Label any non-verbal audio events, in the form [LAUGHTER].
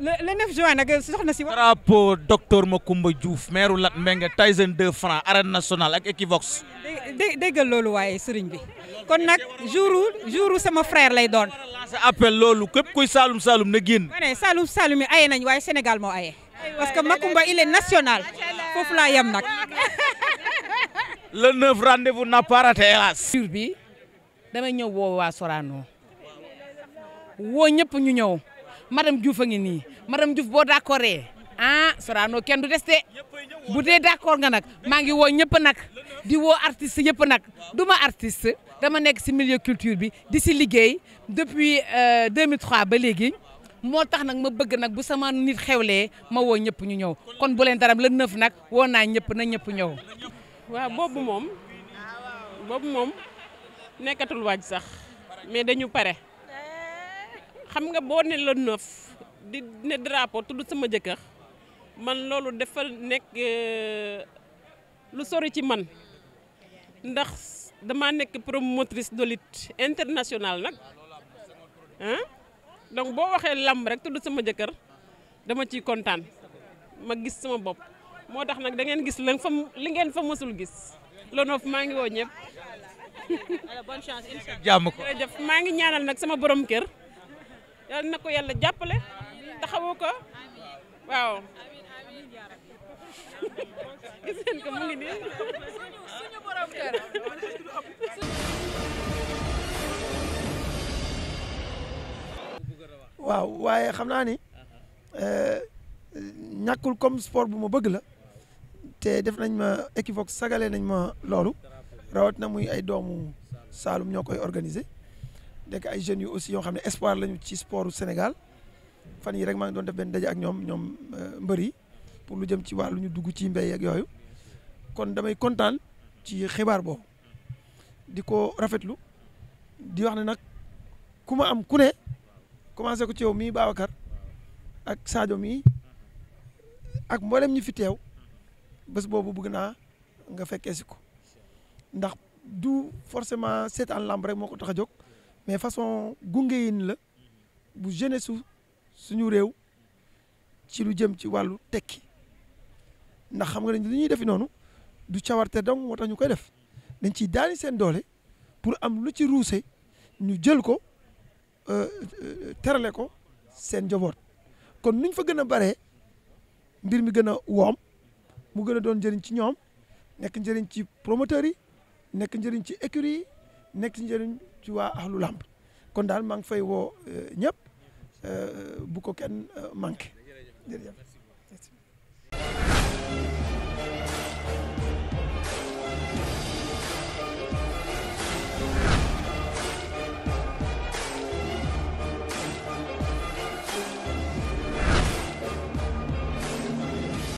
le le 9 juin nag euh, soxna si. drapeau docteur Macoumba Diouf maire Lat Mbengue Tyson 2 francs arène nationale ak Equivox. dé déggal loolu waaye sëriñ bi kon nag jouru jouru sama frère lay doon. sa appel loolu képp kuy Saalum Saalum na génn. Saalum Saalum yi aye nañ waaye Sénégal moo aye parce que Macoumba il est national foofu laa yem nag. le 9 rendez-vous n'a pas bi damay ñëw woo waa woo ñëpp ñu ñëw. madame Diouf a ngi nii madame Diouf boo d'accordee ah Sorano kenn du des de bu dee d'accord nga nag maa ngi woo ñëpp nag di woo artiste yëpp nag du ma artiste dama nekk si milieu culture bi di si liggéey depuis 2003 euh, ba léegi moo tax nag ma bëgg nag bu sama nit xew lee ma woo ñëpp ñu ñëw kon bu leen dara la neuf nag woo naa ñëpp na ñëpp ñëw. waaw boobu moom boobu moom nekkatul waaj sax mais dañu pare. xam nga boo ne la neuf di ne drapeau tudd sama jëkkër man loolu dafa nekk euh, lu sori ci man ndax dama nekk promotrice de lutte international nag ah donc boo waxee làmb rek tudd sama jëkkër dama ciy kontaan ma gis sama bopp moo tax nag da ngeen gis la fa li ngeen fa mësul gis le neuf maa ngi woo ñëpp. bonne chance incha [LAUGHS] allah maa ngi ñaanal nag sama borom kër. yal na ko yàlla jàppale taxawu ko waaw gis ngeen mu ngi nii waaw waaye xam naa ni uh-huh. eh, ñàkkul comme sport bu ma bëgg la te def nañ ma Equivox sagale nañ ma loolu rawat na muy ay doomu Saalum ñoo koy organiser nekk ay jeunes yu aussi yoo xam ne espoir lañu ci sportu Sénégal fan yi rek maa ngi doon def benn daje ak ñoom ñoom euh, mbër yi pour lu jëm ci wàllu ñu dugg ci mbéy ak yooyu kon damay kontaan ci xibaar boobu di ko rafetlu di wax ne nag ku ma am ku ne commencé ko ci yow mii Babacar ak Sadio mii ak mboolem ñu fi teew bés boobu bugg naa nga fekkee si ko ndax du forcément en lamb rek moo ko tax a jóg. mais façon gunge la bu jeunesse su suñu réew ci lu jëm ci wàllu tekki ndax xam nga dañ li ñuy defi noonu du cawarte dong moo tax ñu koy def dañ ciy daani seen doole pour am lu ci ruuse ñu jël ko euh, euh, terale ko seen njaboot kon nuñ fa gën a baree mbir mi gën a woom mu gën a doon njëriñ ci ñoom nekk njëriñ ci promoteurs yi nekk njëriñ ci écurie yi nekk ci njëriñ ci waa axlu làmb kon daal maa ngi fay woo eh, ñëpp eh, bu ko kenn eh, manqué jërëjëf